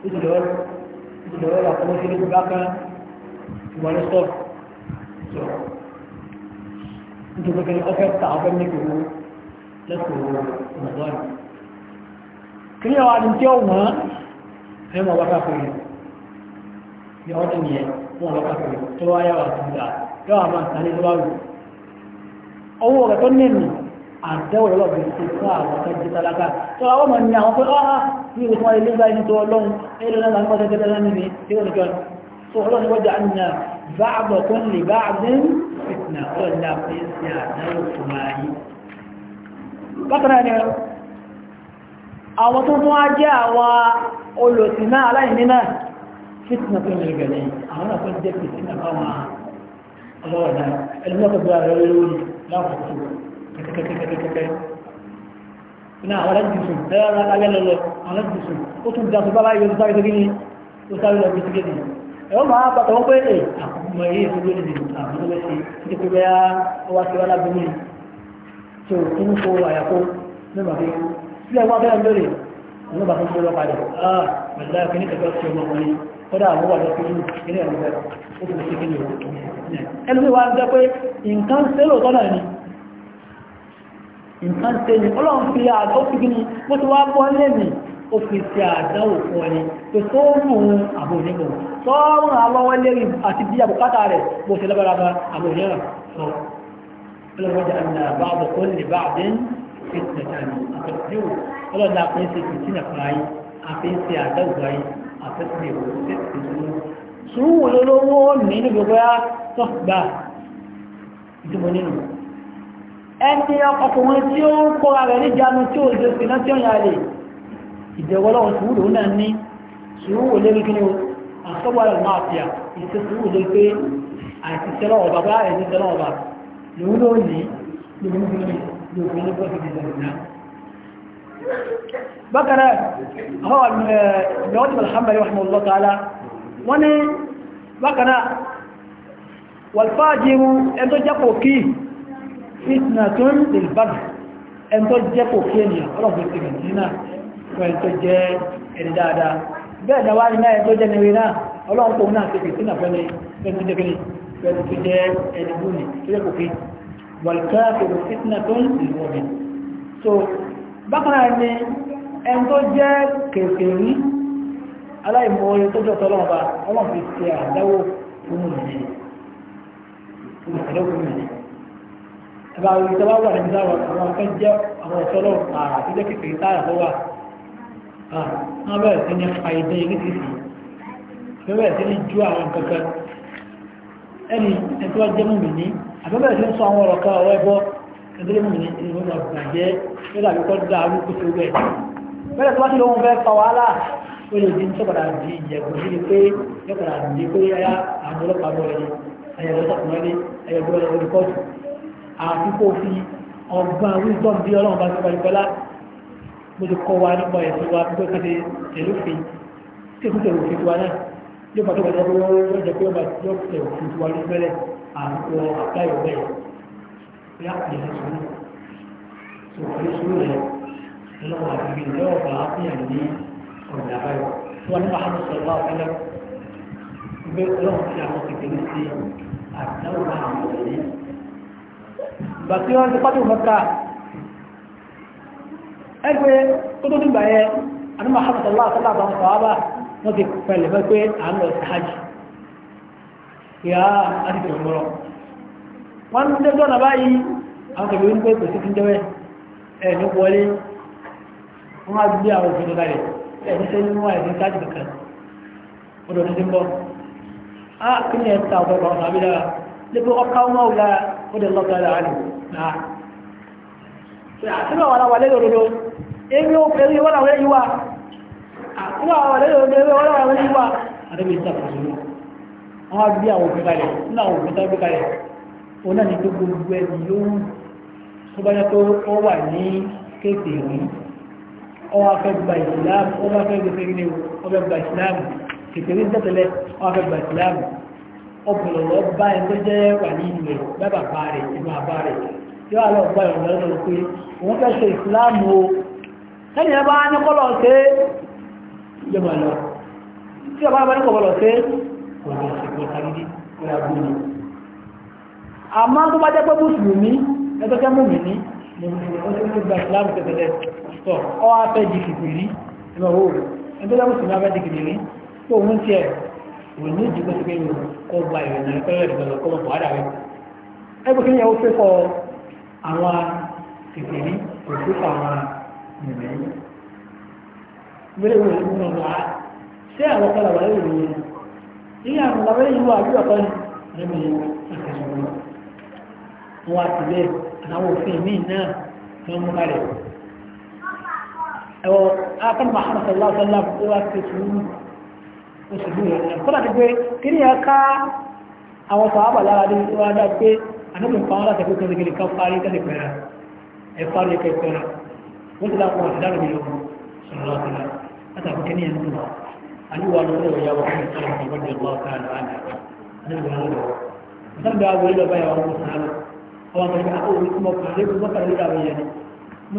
ìdìlọ́wọ́ wà fún ṣe lókù bákan ìwọ̀n ló sọ̀rọ̀ sọ nítorí pé ọfẹ́ ta ọfẹ́ méjì owó lẹ́kọ̀ọ́ ọ̀gbọ́n kí ni àwọn àdìntí ọ̀wọ́n ẹ̀ mọ̀ ni ọdún nìyẹn wọn lọ́kà fún yìí tó wáyà wà fún yà yọ àwọn àdẹ́wọ̀ lọ́wọ́ bí i fún àwọn akẹ́kẹ́ tálákà tó àwọn ọmọ ní àwọn pé ọ́há ah, ah, bí i fún ilé báyìí tó ọlọ́run eré náà láńpọ̀ tẹ́tẹ́ tẹ́tẹ́ ní jẹ́ àwọn olùsìn náà aláìní náà fìtìnà tó ń lè kẹ́kẹ́kẹ́kẹ́kẹ́kẹ́ iná àwọn alájìsùn ẹ̀rọ alágbẹ́ lọ́lọ́ alájìsùn ó tún dàtú bábá yóò sáré tó gíní ó sáré lọ bí tíkẹ́tì ẹ̀rọ máa bàtà wọ́n pé ẹ̀ àkùnmọ̀ èyí tó lórí ni àwọn tó lọ́sí ní pé bẹ́ẹ̀ ó wá sí wá lábẹ́ mi tó tó ń kó àyàkó ní màbí sílẹ̀ wá bẹ́ẹ̀ lórí àwọn bàtà tó lọ padà ah màdìlá kìíní kẹfẹ́ ọ̀sẹ̀ ọmọkùnrin kọ́dà àwọn wà lọ́sí ní ilé ẹ̀rọ nǹkan ṣe ni ọlọ́run fi àdó fi ni mo ti wá bọ́ lẹ́mì ó fi ṣe àdánwò fún ọ ni tó sóòrùn òun àbò onígbò sọ́ọ̀rùn alọ́wọ́ lérí àti bí àbùkátà rẹ̀ bó ṣe lábára bá àbò onígbà sọ ọlọ́run jà ní àbá àbò kó lè bá àdé fi ṣe tàbí àtọ̀sí ò ọlọ́run dà fún ṣe kìtìnà fún ayé àfi ń ṣe àdánwò ayé àfẹ́sẹ̀ ìwò ṣe ẹni ọkùnrin tí ó ń kóra rẹ̀ níjànú tí ó lè fi náà tí ó yà lè ìdẹ̀wọ́lọ́wọ́ sùúrù náà ní sùúrù lérí kí ni ó àsọ́gbọ́rẹ̀ máa fi à ìṣe sùúrù lé pé àìsíṣẹ́lọ́ ọba bá àìsíṣẹ́lọ́ ọba lòun ló ní lòun bí lòun ní bọ́sì fitna tó ń lè bàbà ẹn tó jẹ́ kò kí ènìyàn ọlọ́pù ti nàìjíríà fún ẹn tó jẹ́ ẹni dáadáa bẹ́ẹ̀ náà wá ní náà ẹn tó jẹ́ ní rí náà ọlọ́run tó náà ti fìtínà fẹ́ni fẹ́ni tó jẹ́ kí ni fẹ́ni tó jẹ́ ẹni bú ni tó jẹ́ kò kí wàlùkà kòrò fitna tó ń lè wọ̀ ni so bákan náà ni ẹn tó jẹ́ kèfèrí aláìmọ̀ọ́rẹ́ tó jọ tọ́lọ́ ọba ọlọ́run fi ṣe àdáwò fún òmìnir ẹ̀bá àwọn ìjọba wà níbi táwọn àwọn afẹ́ jẹ́ àwọn ọ̀ṣọ́lọ́ ààrà tó jẹ́ kékeré táyà tó wà wọ́n bẹ̀rẹ̀ sí ní àìdẹ́ ilé títì wọ́n bẹ̀rẹ̀ sí ní ju àwọn kankan ẹni ẹni tó wá jẹ́ mú mi ní àbẹ́bẹ̀rẹ̀ sí ń sọ àwọn ọ̀rọ̀ kan ọ̀rọ̀ ẹbọ ẹni mú mi ní ẹni mú mi bàjẹ́ lọ́dà bí kọ́ da arúgbó tó bẹ̀ bẹ́ẹ̀ tó wá sí lóhun fẹ́ fa wàhálà ó lè di sọ́kàdà di ìyẹ̀kùn sí ni pé sọ́kàdà di pé ẹyà àwọn ọlọ́pàá bọ̀ ẹni ẹyẹ lọ́sọ̀kùnrin ẹyẹ bọ̀ ẹni olùkọ́jù àti kó fi ọgbọ́n wisdom bí ọlọ́run bá ti wáyé pẹ́lá mo ti kọ́ wa nípa ẹ̀sìn wa pé kéde tẹ̀lófin tí èkó tẹ̀lé òfin tiwa náà yóò bá tó bá tẹ̀lé wọ́n jẹ́ pé ọba yóò tẹ̀ òfin tiwa ní mẹ́lẹ̀ àwọ̀ àbáyọ̀ bẹ́ẹ̀ yá ìyá sùúrù tó kọ́ sùúrù rẹ̀ lọ́wọ́ àgbègbè lọ́wọ́ bá a fi hàn ní ọ̀dà àbáyọ̀ tó wà ní wàhálà sọ̀rọ̀ ọ̀fẹ́lẹ́ gbé ọlọ́run ti àwọn kékeré sí àdáwọ̀ àwọn ọ̀rẹ́ gbàtí wọ́n ti pàtó mọ́ká a tó tó dìgbà yẹ anúmọ̀ àmàtàlá àtàlá àbáwọn sọ̀hábà wọ́n ti pẹ̀lẹ̀ mọ́ pé à ń lọ sí hajj ìyá àti ìmọ̀rọ̀ wọ́n ń tẹ́ tọ́nà báyìí àwọn kẹ̀lú ń ní wọlé á gbé àwọn òfin lọ́dà ní sẹ́yìn àìsí kankan lọ sí ń ọdẹ lọ́kàlá ààrẹ náà àtúnà wà láwà lẹ́yìn òdodo èmi ó pẹ̀lú ìwọ́n àwọn ẹ̀yìn wa àtúnà wà lẹ́yìn òdodo èmi wọ́n àwọn ẹ̀yìn wa àdébí ìsàkóso àwọn àbí àwọn òfin kalẹ̀ nínú àwọn òfin tó gbé kalẹ̀ òun náà ní pé gbogbo ẹni lóhùn tó bá yẹ tó ó wà ní kéèké rí ọwọ́ afẹ́ ọbùnrin lọ bá ẹ tó jẹ́ wà ní ìlú rẹ̀ bá bàbá rẹ̀ inú àbá rẹ̀ tí wà lọ gbọ́ ìrọ̀lẹ́ lọ pé wọ́n fẹ́ ṣe ìsìláàmù o sẹ́ni ẹ bá ní kọ́lọ̀ ṣe yóò máa lọ tí ọba bá ní kọ́lọ̀ ṣe kò lọ sí kò sáré kò yà gbó ni. àmọ́ tó bá jẹ́ pé mùsùlùmí ẹ tó jẹ́ mùmìnì ni wọ́n ti gba òní ìdìbò tó kéyìn kó gba ìrìnà ìpẹ́rẹ́ ìgbẹ̀lọ̀ kó mọ̀ wádà ẹgbẹ́ kéyìn ó fẹ́ kọ àwọn kékeré kò sí àwọn mìíràn mìíràn ìlú náà wá ṣé àwọn kan làwọn ẹ̀rọ ìròyìn ilé àwọn làwọn ẹ̀rọ ìwà àbí ọ̀kan nínú ni wọ́n mú kalẹ̀ ẹ̀wọ̀ akọ́nà Muhammad sallallahu alaihi wa òṣèlú yẹn kọ́lá ti pé kí ni ẹ̀ka àwọn sàábà lára ní wọ́n á dá pé ànábì ń pa wọn láti ẹ̀kọ́ kékeré ká parí kẹ́lẹ̀ pẹ̀lá ẹ̀ parí ẹ̀kọ́ ìpẹ́lá wọ́n ti dákun àti dáàbò yẹn sọ̀rọ̀ láti lá láti àpò kí ni ẹ̀ ń lò àníwá lọ́wọ́ ìyá wa fún ìtọ́lá ọ̀gbọ́n ọ̀gbọ́n ọ̀gbọ́n ọ̀gbọ́n ọ̀gbọ́n ọ̀gbọ́n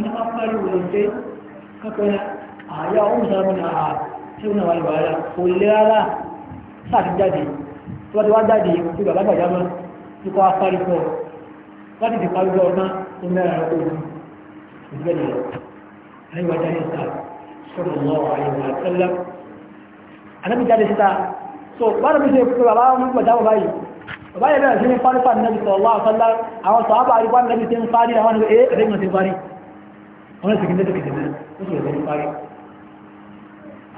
ọ̀gbọ́n ọ̀gbọ́n ọ̀gbọ́n ọ̀gbọ́n tí ó náà wà lọ́wọ́ rárá kò lè rárá sáà ti jáde tí wọ́n ti wá jáde tí bàbá gbàjá mọ́ tí kò wá parí pọ̀ láti ti síta so bára mi ṣe pé bàbá wọn gbàjá wọn báyìí bàbá yẹn bẹ̀rẹ̀ sí ní parí parí nàbì sọ̀rọ̀ lọ́wọ́ àtẹ́lẹ́ àwọn sọ̀rọ̀ àbá àríwá nàbì ti ń parí àwọn ẹ̀ ẹ̀rẹ́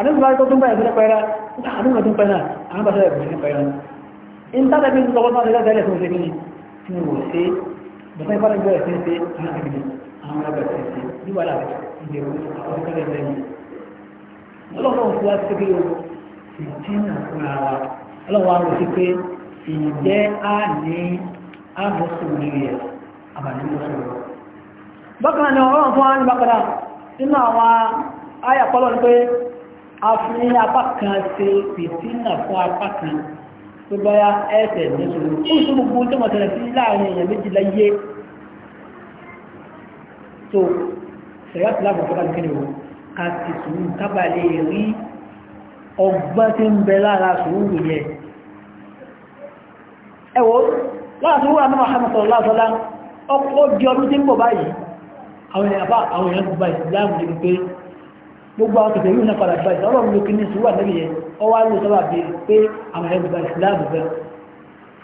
àdúgbò bá tó tún bá ìfẹ́ pẹ́ra àdúgbò tún pẹ́ra àwọn bàtà ìfẹ́ sí pẹ́ra in tàbí bí lọ́wọ́ náà lẹ́gbẹ̀ẹ́ tẹ́lẹ̀ fún ìfẹ́ tí mo wò sí bàtà ìfẹ́ lẹ́gbẹ̀ẹ́ sí ṣe àwọn ìfẹ́ àwọn ẹgbẹ̀ẹ́ sí ṣe bí wà láti ìdè àwọn ìfẹ́ lẹ́gbẹ̀ẹ́ yìí ọlọ́run fún wa sí pé o ìjìnà fúnra wa ọlọ́run wa rò sí pé ìjẹ́ á ní àbọ̀sùn nílé ẹ̀ àbàdúgbò bákan náà ọlọ́run fún wa ní bákan náà nínú àwọn ayàpọ̀lọ́ ni pé a fún ní apá kan ṣe pìtínà fún apá kan tó báyá ẹ̀ẹ́sẹ̀ nítorí fún ìṣòro gbogbo tó mọ̀ tẹ̀lẹ̀ sí láàrin èèyàn méjì láyé tó ṣẹ̀yà tó láàbọ̀ fọ́nà kí ni o ká ti sùúrù kábà lè rí ọgbọ́n tí ń bẹ lára sùúrù yẹn ẹ̀wọ́ lára sùúrù àmì Muhammad sallallahu alaihi wasallam ọkọ̀ di ọdún tí ń bọ̀ báyìí àwọn èèyàn bá àwọn èèyàn gbogbo gbogbo àwọn tẹ̀tẹ̀ yóò náà padà gba ìsọ́rọ̀ ló kí ní sùúrù àtẹ́bí yẹn ọ wá ló sábà bí pé àwọn ẹ̀rọ gba ìsìláàmù bẹ́ẹ̀.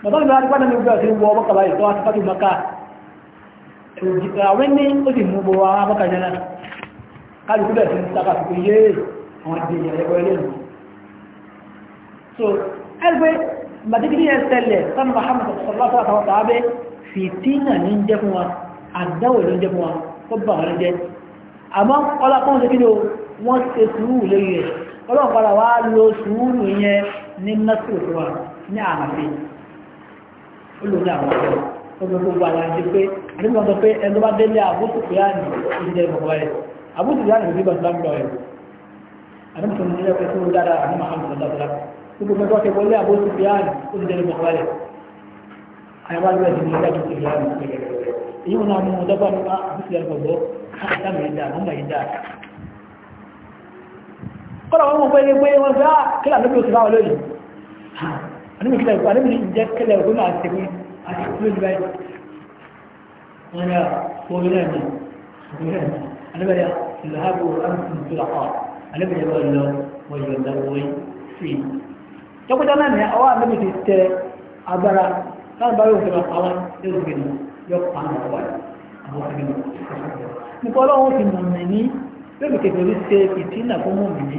bàbá mi wá nípa mi gbọ́ sí wọ ọmọ kaba ìtọ́ àti pátí maka àwọn ní ó sì mú gbogbo àwọn abọ́ka jẹ́ náà káàdì kúbẹ̀ sí sábà fi yé àwọn ìdí ẹ̀kọ́ ilé so ẹgbẹ́ màdìgírí yẹn ṣẹlẹ̀ sanu sallallahu alaihi wa sallam fìtínà ní jẹ́ fún wa àdáwò ní jẹ́ fún wa ó bà wọn àmọ́ ọlá kan ṣe kí ni o wọ́n ṣe sùúrù lórí rẹ̀ ọlọ́run padà wá lo sùúrù yẹn ní mẹ́sìlẹ̀ wa ní àmàfẹ́ olùdó àwọn ọ̀rọ̀ ọmọ gbogbo àwọn àti pé àdébìnrin sọ pé ẹni tó bá délé àbúrò kìláàní ìjẹ ìbọ̀wọ̀ rẹ̀ àbúrò kìláàní ìjẹ ìbọ̀wọ̀ rẹ̀ àdébìnrin sọ nílẹ̀ pé tó dára àti mahamud sọ̀dọ̀dọ̀dọ̀ gbogbo ẹgbẹ́ ọ̀kẹ́ wọlé àbúrò kìláàní ó ti délé ìbọ̀wọ̀ rẹ̀ àyàwó àgbẹ̀ ti ní ìdájọ́ kìláàní èyí wọn náà mú ọjọ́ bá nípa àbúrò kìláàní kọ́lá wọn mú pé ní pé wọ́n fẹ́ kílà níbi òsì báwọn lónìí àníbi kílà ìpò àníbi jẹ́ kílà ìpò náà ti pín àti lónìí báyìí wọ́n yà wọ́n yà ní àníbi yà ìlàhábò àmì ìtòlàkọ́ àníbi yà wọ́n lọ wọ́n yọ̀ lọ́wọ́ sí i tọ́kọ́tà náà ní ọwọ́ àníbi ti tẹ agbára láti bá yóò fi lọ àwọn yóò fi lọ yọ pa àwọn ọ̀wá àwọn ọ̀gbìn nípa ọlọ́run ti mọ̀ mí ní bẹ́ẹ̀ bí kẹfẹ́ rí ṣe ìtínà fún mọ̀ mí ní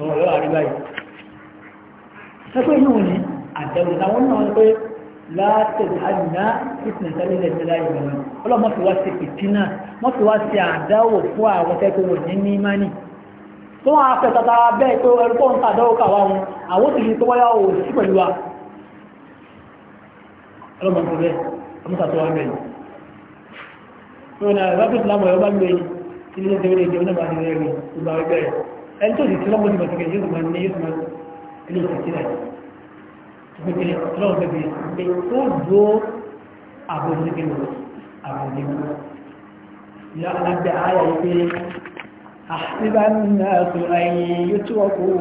àwọn ọ̀rọ̀ àríwá yìí sẹ́kọ̀ọ́ yìí wọ̀nyí àtẹ̀wò táwọn náà pé láti àdínà ìsìnkálẹ̀ ìlẹ̀sílá ìwọ̀n ọlọ́mọ fi wá sí pìtínà wọ́n fi wá sí àdáwò fún àwọn tẹ́kọ̀ wọ̀nyí ní mání tó wọn afẹ́ tata bẹ́ẹ̀ tó ẹrú tó ń ta àdáwò kàwá wọn àwọn tó yìí tó wáyà ò sí pẹ̀lú wa ọlọ́mọ fi bẹ́ẹ̀ ọmọ ẹni tó sì tí lọ́mọ ti bàtà kẹjọ máa ní yóò máa ilé ìsìnkílẹ̀ ìpínlẹ̀ ọlọ́run bẹ̀bẹ̀ pé ó dó àbòsíkẹ̀lẹ̀ àbòsíkẹ̀lẹ̀ ya alábẹ́ ayà pé àṣìbánà tó ayé yóò tó ọkọ̀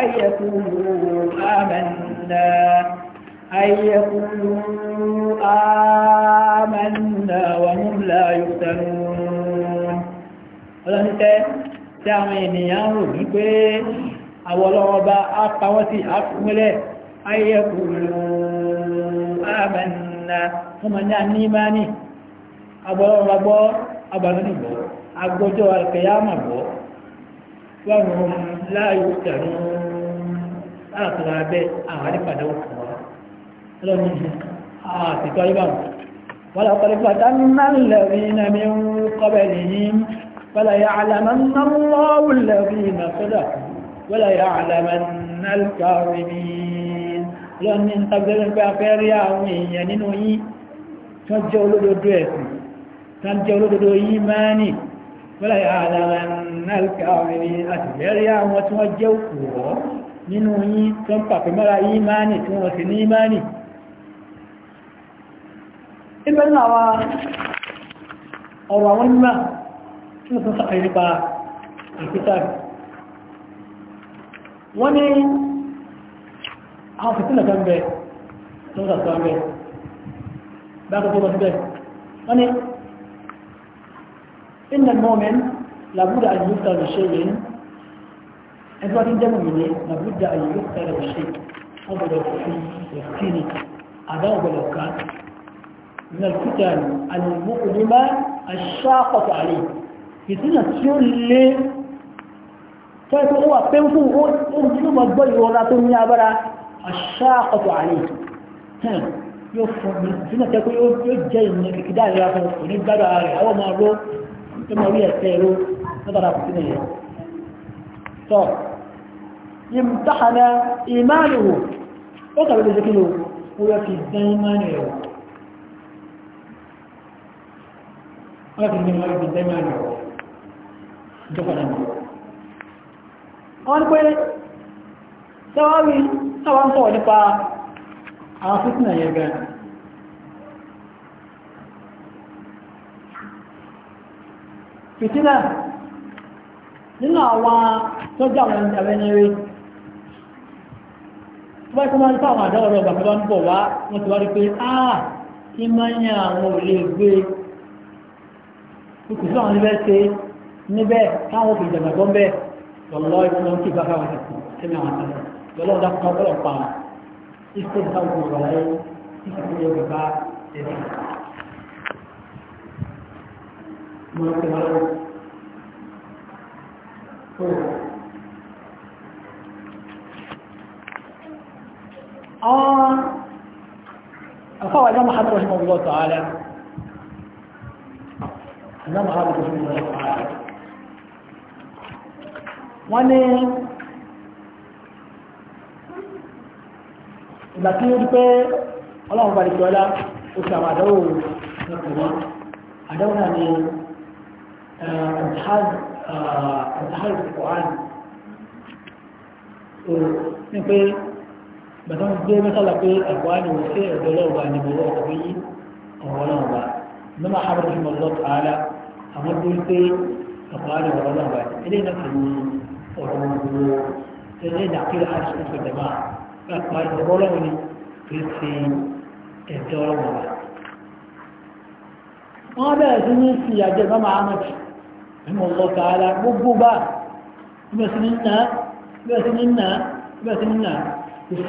ayẹ́kùnrin àmàlà أن يقولوا آمنا وهم لا يفتنون ولن tí àwọn ènìyàn rò ní pé àwọlọ́wọ́ bá ápawọ́ sí àfúnmílẹ̀ ayẹ́kùnrin àmànà ọmọ ní àníbáni agbọ́lọ́wọ́ gbọ́ agbàdúnìbọ̀ agbọ́jọ́ alkẹyàmàbọ̀ wọ́n láàyò tẹ̀rù àtàrà abẹ́ àwọn àdípadà òkú lọ́nà àtìkọ́ ibà wọ́n lọ́pọ̀lọpọ̀ tánmà lẹ́rin nàmí فليعلمن الله الذين صدقوا وليعلمن الكاظمين lọ́nà ní tàbílẹ̀ pé afẹ́ rí àwọn èèyàn nínú yín tó jẹ́ olódodo ẹ̀sìn tó jẹ́ olódodo yìí máa ní وَلَيَعْلَمَنَّ الْكَاظِمِينَ àti lẹ́rí àwọn tí wọ́n jẹ́ òkúrọ̀ nínú yín tó ń pàpẹ mọ́ra yìí máa ní tí wọ́n sì ní máa ní ibẹ̀ náà ọ̀rọ̀ àwọn mímọ̀ tí wọ́n sáré nípa ìfẹ́sàrí wọ́n ní àwọn fìtínà kan bẹ tó ń sàtọ́ bẹ bákan tó bọ́ síbẹ̀ wọ́n ní inna al-mu'min labudda an yuftar bi shay'in ẹgbẹ́ tí ń jẹ́ mọ̀mìnì labudda an yuftar bi shay'in wọ́n gbọ́dọ̀ fi ìfìtínì àdáwọ̀ gbọ́dọ̀ ká من الفتن المؤلمة الشاقة عليه ìsìnà tí ó lé tẹ́kù ó wà pẹ́kù ó tí ó mọ̀ gbọ́ ìrọ̀lá tó ní agbára aṣáàkọ̀tọ̀ àlè yóò fún mi ìsìnà tẹ́kù yóò jẹ́ ìrìnà kìkìdá ìrìnà fún òní gbádọ̀ ààrẹ àwọn ọmọ ọlọ́ tó mọ̀ rí ẹ̀tẹ́ ẹ̀rọ lọ́bàrà kò sínú ẹ̀rọ tọ́ ìmùtáhànà ìmáàlùwò ó kàwé lè jẹ́ kí ló ó yọ fi dán ìmáàlù ẹ̀rọ wọ́n fi dán ìmáàlù ẹ̀rọ jọ́kọ̀dá mọ̀ wọ́n pé tẹ́wàárí tẹ́wàá ń sọ nípa àwọn fífún ẹ̀yẹ gẹ́ fìtílẹ̀ nínú àwọn tọ́jú àwọn ẹ̀rẹ́nẹ́rẹ́ tó bá wọ́n ń sọ àwọn àdáwọ̀ rẹ̀ ahụ ń wá wọ́n ti wá rí pé áà ah, kí níbẹ̀ táwọn fi ìjàgbà gbọ́n bẹ́ẹ̀ lọ́lọ́ ìwọ́n lọ́n kí bá fáwọn ẹ̀sìn sínú àwọn àtàlẹ̀ lọ́lọ́ ọ̀dà kan ọ̀pọ̀lọ̀ pa ìṣe ìṣàwọn ọ̀rọ̀ ayé tí kò tó yẹ bá ẹ̀sìn. mo ń tẹ̀wọ́ lọ́wọ́ tó àwọn afáwọn ẹ̀dá mahamadu rahimahu allah ta'ala ẹ̀dá mahamadu rahimahu allah ta'ala wọ́n ní ìgbà tí ó rí pé ọlọ́run balẹ̀ jọ́lá oṣù àwọn àdáwò ọkùnrin àdáwò náà ni ọ̀tàhàrù kòhánì ní pé bàtán gbé mẹ́sàlá pé àkọ́hánì wọ́n sí ẹ̀dọ́ lọ́wọ́ ní bọ̀wọ́ ọ̀gbẹ́ yí ọ̀rọ̀ náà wà nọ́mà àbúrò àwọn tó ń pé àkọ́hánì ọ̀rọ̀ ilé náà ọ̀rọ̀ gbogbo ẹgbẹ́ ìdàkílẹ̀ àṣìṣe ìjọba lápá ìjọba ọlọ́run ni kì í ṣe ẹ̀tọ́ ọlọ́run wa. wọ́n bẹ̀rẹ̀ sí ní sí àjọ ìbámu ahmed mímọ̀ lọ tààlà gbogbo bá bẹ̀rẹ̀ sí ní nà bẹ̀rẹ̀ sí ní nà bẹ̀rẹ̀ sí ní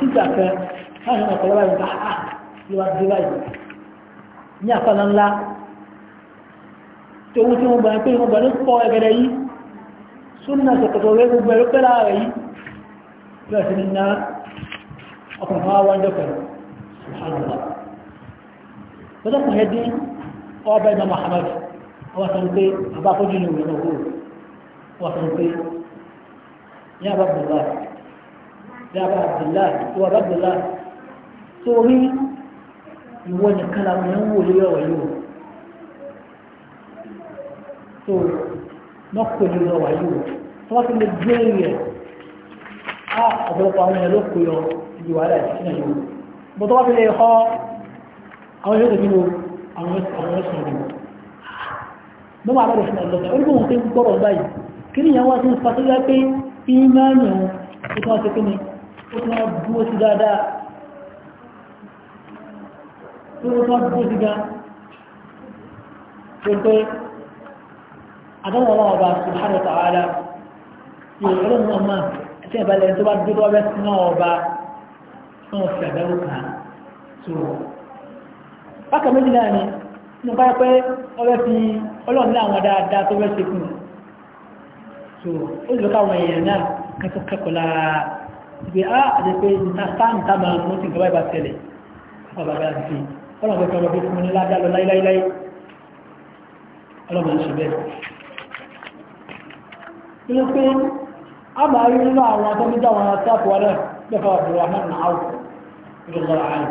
tí wọ́n gbà pé wọ́n gbà pọ̀ ẹgẹdẹ yìí súnà sọ̀tọ̀tọ̀ rẹ̀ gbogbo ẹ̀rọ pẹ́lá rẹ̀ yìí bẹ́ẹ̀ sí ní ná ọkùnrin fún àwọn ọjọ́ pẹ̀lú ṣùgbọ́n lọ́jọ́ kan yẹn dín ọba ìmọ̀ Muhammad wọ́n sọ pé àbá fojú ni òun òwò wọ́n sọ pé ní àbá bùlá ní àbá bùlá ìwà àbá bùlá torí ìwọ nìkan làwọn ẹ̀ ń wò lórí ọ̀rọ̀ yìí o tó lọ́pọ̀ lórí ọ̀rọ̀ yìí o. wọ́n ti lè gbé rẹ̀ á ọ̀pọ̀lọpọ̀ àwọn èèyàn ló kó yọ ibi wàhálà ìṣẹ́ yìí bọ́ tó wá ti lè họ àwọn yóò tẹ̀lé àwọn ẹ̀sùn ọ̀gbìn mo máa bẹ̀rẹ̀ fún ọ̀lọ́gbà orí bóun pé gbọ́rọ̀ báyìí kí ni ìyàwó àti ìfà tó yá pé ìmáàmù ó tún wá sí kíni ó tún wá dúró sí bá subhanahu wa ìrọ̀lọ́ náà máa ẹ̀tẹ́ ìbálẹ̀ tó bá dúdú ọbẹ̀ náà ọba náà fi àdáwò kan ni inú bá pẹ́ ọbẹ̀ fi ọlọ́run ní àwọn dáadáa tó bẹ́ ṣe fún un tó ó lè káwọn èèyàn náà kẹ́kọ̀ọ́ kẹ́kọ̀ọ́ lára ìgbé á àti pé sáàmù tábà mú sí ìgbà ìbá tẹ̀lẹ̀ ọlọ́run fi ọlọ́run fi fún un ní ládàá lọ láíláíláí ọlọ́run ń ṣe bẹ́ẹ̀ أما أريد أن أعلم أنه مجا وأنا أتاك ولا بفا عبد الرحمن بن عوف رضي الله عنه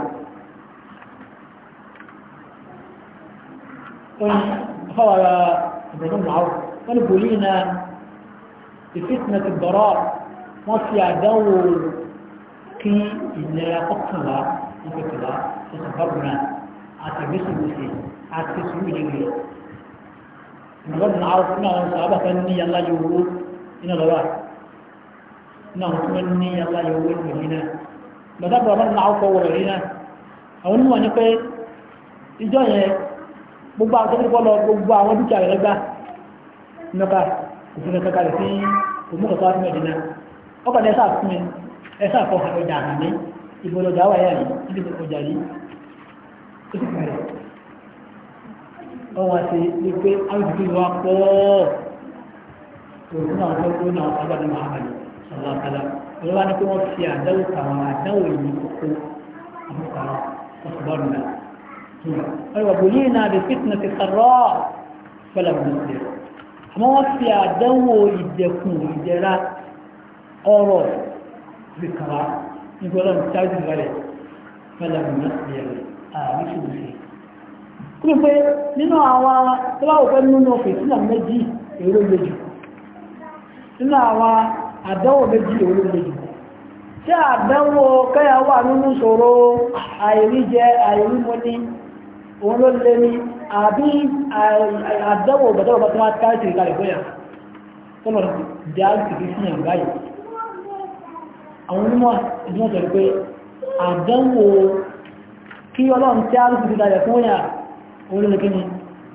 بفا عبد الرحمن بن عوف قال بولينا بفتنة الضراء ما في عدول كي إلا قطنا يفتنا تسفرنا حتى بسم بسي حتى بسم بسي حتى بسم بسي حتى بسم بسي حتى بسم بسي حتى بسم بسي حتى بسم بسي náà tí wọ́n ní aláyọ̀ owó ìlú yìí náà bàtà bàbá náà ọkọ̀ wọ̀rọ̀ ni pé ìjọ yẹn gbogbo àwọn tó lọ gbogbo àwọn dúkìá rẹ̀ gbà nọ́ka òfin ẹ̀ka kalẹ̀ sí òmùkọ̀tọ́ àti mẹ́dínà ọkọ̀ ní ẹ̀sà fún mi ẹ̀sà fọ́ ọjà àmì ìbọn ọjà wáyà yìí ìdí ọjà yìí ó sì bẹ̀rẹ̀ ọwọ́ àti wípé àwọn ọlọ́kadà olówó ni kí wọ́n fi àdáwò kàwọn àdáwò yìí kókó àbúkà ọ̀sùnbọ̀n náà. ọ̀rọ̀ bòlí náà bí fitna ti kàrọ́ fẹ́lẹ̀ mọ̀lẹ́. àmọ́ wọ́n fi àdáwò ìdẹ̀kùn ìdẹ̀ra ọ̀rọ̀ bí kàrá nígbà wọn ṣáájú ìrẹ̀lẹ̀ fẹ́lẹ̀ mọ̀lẹ́ àbí ṣùgbọ́n kúrò pé nínú àwọn tó bá wò pé nínú ọ̀fẹ́ sílẹ̀ méjì èrò méjì nínú àwọn àdánwò méjì òun ló lejò tí àdánwò kẹ́yà wà nínú ṣòro àìríjẹ àìrímọ́ni òun ló lé ní àbí àdánwò ìgbàdánwò bá tó wá káyé sí ìkàlẹ̀ fún yà tọ́lọ̀ dáàbì kìí sí yàn báyìí àwọn onímọ̀ ìdúnà sọ pé àdánwò kí ọlọ́run tí a ń sì ìkàlẹ̀ fún yà òun ló lè kí ni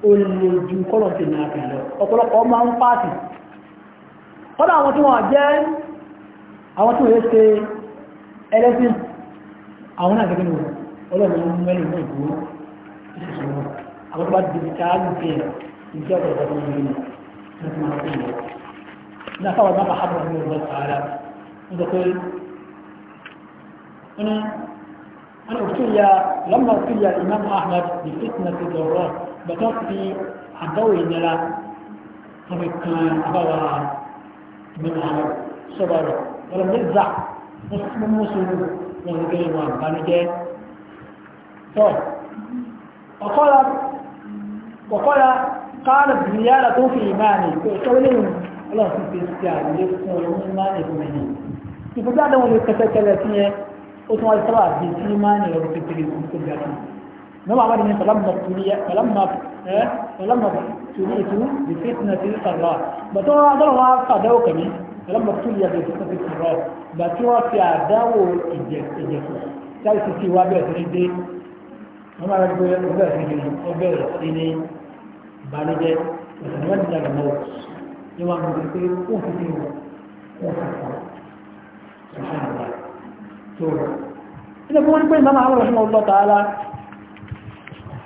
ó lè ju kọ́lọ̀ sí ìnà àkàlẹ̀ ọ̀pọ̀lọpọ̀ máa ń pàtì kọ́lá àwọn tí wọ́n jẹ́ àwọn tí wọ́n yẹ́ ṣe ẹlẹ́sìn àwọn náà gẹ́gẹ́ lóòrùn ọlọ́run mẹ́lẹ̀ ní ìgbòho ìṣẹ̀ṣẹ̀wọ̀n àwọn ti di bá bàbá min alam sọ̀rọ̀ wọn ní zà wọn mú sùúrù wọn ní bẹ́ẹ̀ wọn àbánijẹ́ tọ́ ọ̀kọ́lá ọ̀kọ́lá káàlù bìyàrá tó fi ìmáàní pé ìtọ́wélé ìrùn ọlọ́run ti fi ṣe àlè fún ọlọ́run ìmáàní fún ẹni ìfúgbádùn wọn lè kẹsẹ̀kẹlẹ̀ sí yẹn ó tún wáyé نوع عمر من فلما ابتلي فلما فلما ابتليت بفتنة الصراع بتوع دلوا قدوا كني فلما ابتلي بفتنة الصراع بتوع في عداو الجسد ثالث في وابع سريدي وما رجل وابع سريدي وابع سريدي بالجة وتنودى الموت يوم المسير وفتنه وفتنه سبحان الله سورة إذا كنت بين ماما عمر رحمه الله تعالى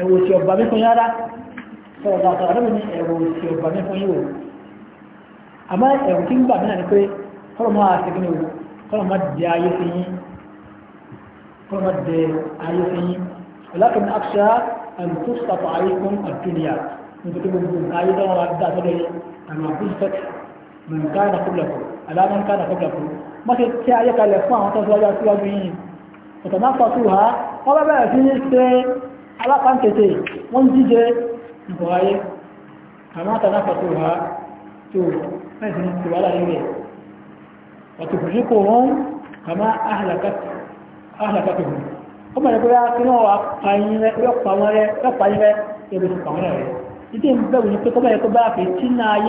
ẹ̀wò tí ọba mi fún yín rárá sọ̀rọ̀ bá sọ̀rọ̀ lọ́wọ́ ní ẹ̀wò tí ọba mi fún yín o àmọ́ ẹ̀wò ni pé kọ́lọ̀ máa ṣe ni o kọ́lọ̀ máa dẹ ayé fi yín kọ́lọ̀ máa dẹ ayé fi yín ọ̀làkùnrin àṣà àlùkò sàpọ̀ ayé fún àdúnyà nítorí gbogbo ayé dáwọn wa dá sọ́dọ̀ yẹn àmọ́ àbúṣe mọ̀nkánà kúblẹ̀kù alámọ̀nkánà kúblẹ̀kù mọ́sí tí a yẹ́kalẹ̀ fún àwọn tọ́síwájú síwájú yìí ọ̀tọ̀máfàtúhá wọ́n bẹ̀rẹ̀ Ala wọ́n jíjẹ ìbọ̀ ayé àwọn àtàlápàtò wà tó ẹ̀sìn ti wà láyé rẹ̀ ọ̀tùkùnrínkò wọn kàmá áhàlàkàtòkùn ó mẹ́rin pé kí wọ́n wà pààyìn rẹ̀ ẹgbẹ̀ tó pàwọn rẹ̀ ìdí ń bẹ̀rù ní pé kọ́ mẹ́rin pé bá fi tí náà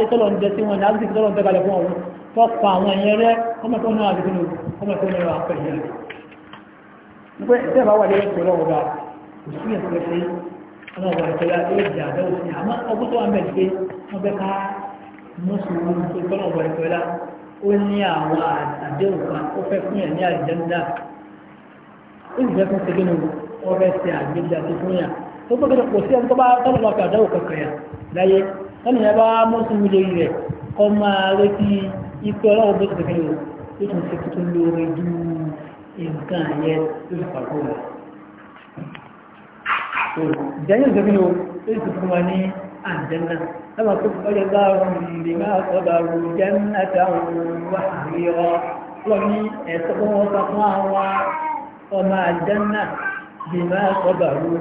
ọmọ ọmọ kò sí ẹ̀kọ́ ṣe ọlọ́wọ́ ìtọ́lá tó jẹ́ àbẹ́wò sí àmọ́ ọgbọ́n tó wà mẹ́rin pé wọ́n fẹ́ ká mọ́sùlùmí tó tọ́lọ̀wọ́ ìtọ́lá ó ní àwọn àdéhùn kan ó fẹ́ fún yẹn ní àjẹ́ńdà ó sì fẹ́ fún ṣe nínú ọ̀rẹ́ ṣe àgbéjà tó fún yà tó gbọ́dọ̀ kò sí ẹni tó bá tọ́lọ̀wọ́ fi àdéhùn kankan yà láyé lẹ́nu yẹn bá mọ́sùlùmí lórí rẹ̀ ìjẹ́yìn ìjọba ní o tó ti fún wa ní àjẹ́nà lọ́wọ́ tó fi ọjọ́ bá ọrùn lè máa sọ́ba ro jẹ́nà táwọn wà rí ọ lọ ní ẹ̀sọ́ tó wọ́n sọ fún àwọn ọmọ àjẹ́nà lè máa sọ́ba ro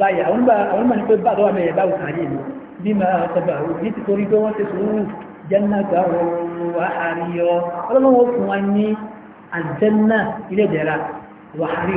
báyà àwọn ọmọ ní pé bá lọ́wọ́ mẹ́rẹ̀ báwò sáré lọ bí máa sọ́ba ní ti torí pé wọ́n ti sùúrù jẹ́nà táwọn wà rí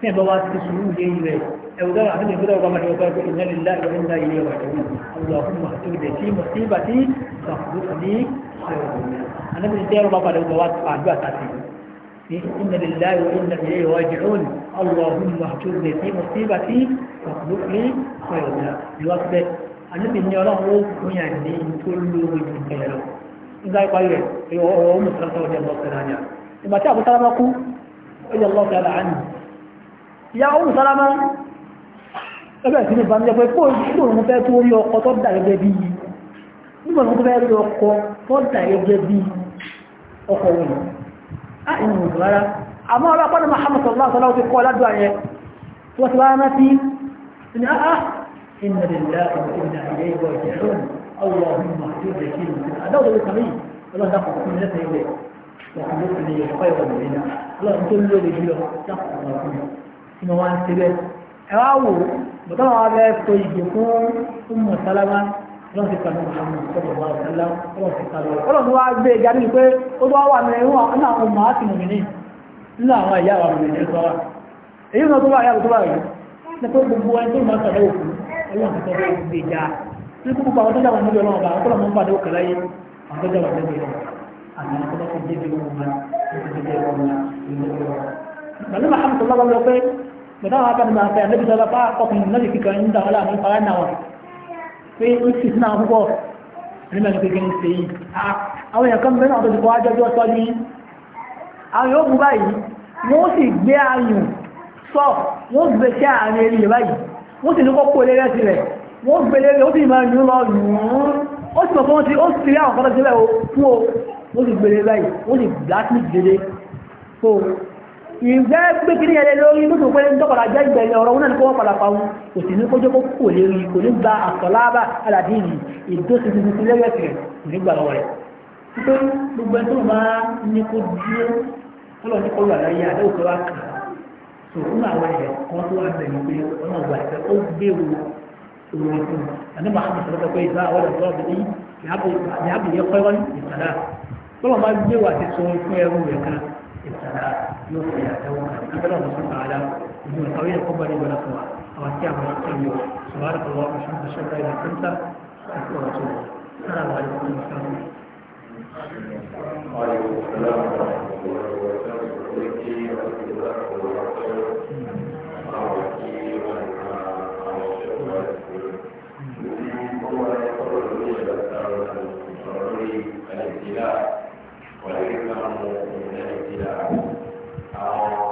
tí ẹ̀bọ́ wá ti sùúrù lé rẹ̀ ẹ̀wùdá àti ìgbọ́dọ̀ ọgbà máa wọ́pẹ́ pẹ̀lú ìnáyà ilé ìwà ìlà ilé ìwà ìwà ìwà fún àtúndẹ̀ tí mo sí ìbà tí ìgbàkúrò ní ànábì ti dẹ́rù bá padà ọgbà wá pàdú àtàtì ní ìnà ilé ìwà ìlà ilé ìwà ìjọ́n اللهم احجرني في مصيبتي واخلف لي خيرا الوقت ànábì ní ọlọ́run ó fún yà ní tó lórí ju ìpẹ̀lẹ̀ lọ nígbà ìparí rẹ̀ ìwọ̀ ọ̀rọ̀ mùsùlùmí ọjọ́ ìlọ́sẹ̀ náà ní à ìgbà tí àbútá bá kú ó yẹ lọ́sẹ̀ àlàáni Ya ọmọ sálámá ẹgbẹ́ sí ní ìbànújẹ́ kó ndị fẹ́ tó rí ọkọ tó dà gẹ́gẹ́ bí tó fẹ́ rí ọkọ tó dà gẹ́gẹ́ bí ọkọ wọn á ìmọ̀ òun rárá àmọ́ ọlọ́ pọ́nà Muhammad ti kọ́ wọ́n ti tí mo wá ń ṣe bẹ́ẹ̀ ẹ wá wò bọ́tọ́ wọn bẹ́ẹ̀ tó ìgbè fún ọmọ sálámà lọ́n ti pàdé ọmọ ọ̀sọ̀rọ̀ wa ọ̀sálá ọ̀rọ̀ ti pàdé ọ̀rọ̀ ọ̀rọ̀ tó wá gbé e jáde pé ó tó wà nínú àwọn ọmọ àti mòmìnì nínú àwọn ìyá àwọn mòmìnì tó wà èyí náà tó wà yàtọ̀ tó wà yìí ní pé gbogbo ẹni tó máa sọ̀rọ̀ òkú ọlọ́run ti sọ̀rọ̀ gbé e já ní gbogbo àwọn tó dáwà níbi ọlọ́run ọba ọkọ̀ lọ́mọ pàdé òkè láyé àwọn tó dáwà níbi ọlọ́run àmì pẹ̀lú mahamud lọ́wọ́ lọ pé pẹ̀lú àwọn akẹ́ni máa fẹ́ àmẹ́bí lọ́wọ́ bá ọkùnrin náà kíkọ ń dà wọ́lá ní ọ̀rá náà pé ó sì sínú àwọn púpọ̀ nínú ẹni kékeré ṣe yìí àwọn èèyàn kan mẹ́rin àtọ́jú kọ́ ajọ́jọ́ sọ ní àwọn yóò mú báyìí wọ́n sì gbé ayùn sọ wọ́n gbé sí àárín eré yìí báyìí wọ́n sì ní kó kó ilé rẹ̀ sílẹ̀ wọ́n gbé lé ó sì máa nù lọ nù ó sì mọ̀ fún wọn ti ó sì rí àwọn kan sílẹ̀ fún o wọ́n sì gbé lé báyìí wọ́n sì gbá sí gbélé fún o ìgbẹ́ pé kí ní ẹ̀rẹ́ lórí lóṣù pé ń tọ́kọ̀lá jẹ́ ìgbẹ̀lẹ̀ ọ̀rọ̀ náà ni kó wọ́n padà pa wọn kò sì ní kójọ́ kó lè rí kò ní gba àtọ̀láàbà aládé yìí ètò ti fi fi lẹ́yẹ̀ tẹ̀ kò ní gbà lọ́wọ́ rẹ̀. pípé gbogbo ẹni tó máa ní kó dúró tọ́lọ̀ ní kọlu àlàyé àdáwò pé wá kà tó fún àwọn ẹ̀rẹ̀ kan tó wà bẹ̀rẹ̀ pé ọ̀nà ọ̀gbà ìfẹ́ ó gbé wo òwò àní màhámù sọ̀rọ̀ sọ fún ẹrú a u da ya m u ta'ala i n kuma a l a k m a y t o u l l a h i wa b a r a k a t u h Oh.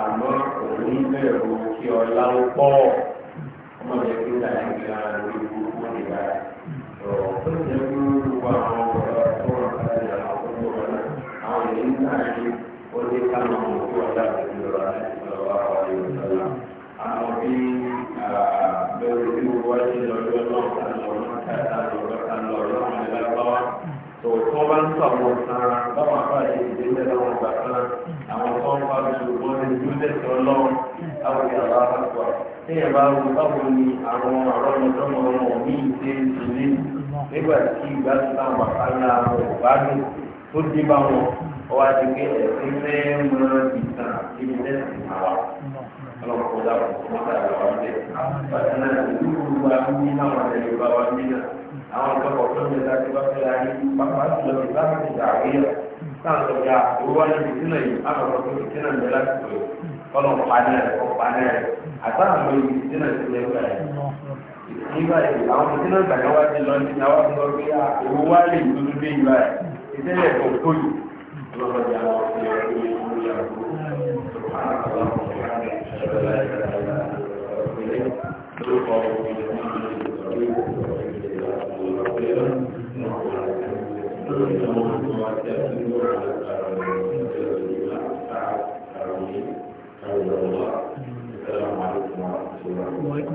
àmọ́ òun bẹ̀rù kí ọlá ó pọ̀ ọmọ yẹn kí ó dà ní ìlà lórí gbogbo ìgbà rọ̀ ó jẹ́ kí àwọn ọ̀rọ̀ tó wà láti àwọn ọmọ ọ̀rọ̀ àwọn èyí náà ní ó lé káwọn ọmọ tó wà láti ìrọ̀ ọ̀rọ̀ ìrọ̀lá àwọn tó tí wọ́n bá ń sọ àwọn ọ̀sán báwọn afáàṣẹ ìdílé lọ́wọ́ ìgbà kan àwọn tó ń bá ṣùgbọ́n ní júlẹ̀sì ọlọ́run láwọn ìyá bá bá wà tí ẹ bá wo báwo ni àwọn àrọ́mọdọ́mọ ọmọ mi ṣe ń ṣe nígbà tí ìgbà tí táwọn bàbá ńlá àwọn ìbádùn tó dé bá wọn ọwọ́ àti pé ẹ̀sìn fẹ́ mọ ìtàn ibi lẹ́sìn àwa ọlọ́run kó dáa fún ọmọdé àwọn ọmọdé bàtà náà ìlú wa ń bí náà wọn àwọn ìjọba tó ń lè dájú bá fẹ́ ayé pápá jùlọ ní bá fi gbà wí rẹ̀ náà sọ ya owó wáyé ní sínú yìí àbọ̀bọ̀ tó fi sínú ìjọba láti pè kọ́nà panẹ́ ọ̀ panẹ́ àtàwọn ọmọ yìí sínú ìjọba ìgbà yẹn. nígbà yìí àwọn sínú ìgbàgbọ́ wá ti lọ sí náà wá sọ pé owó wáyé ìdúdú dé ìgbà yẹn ìdílé ẹ̀kọ́ tó yìí. اللهم Thank you.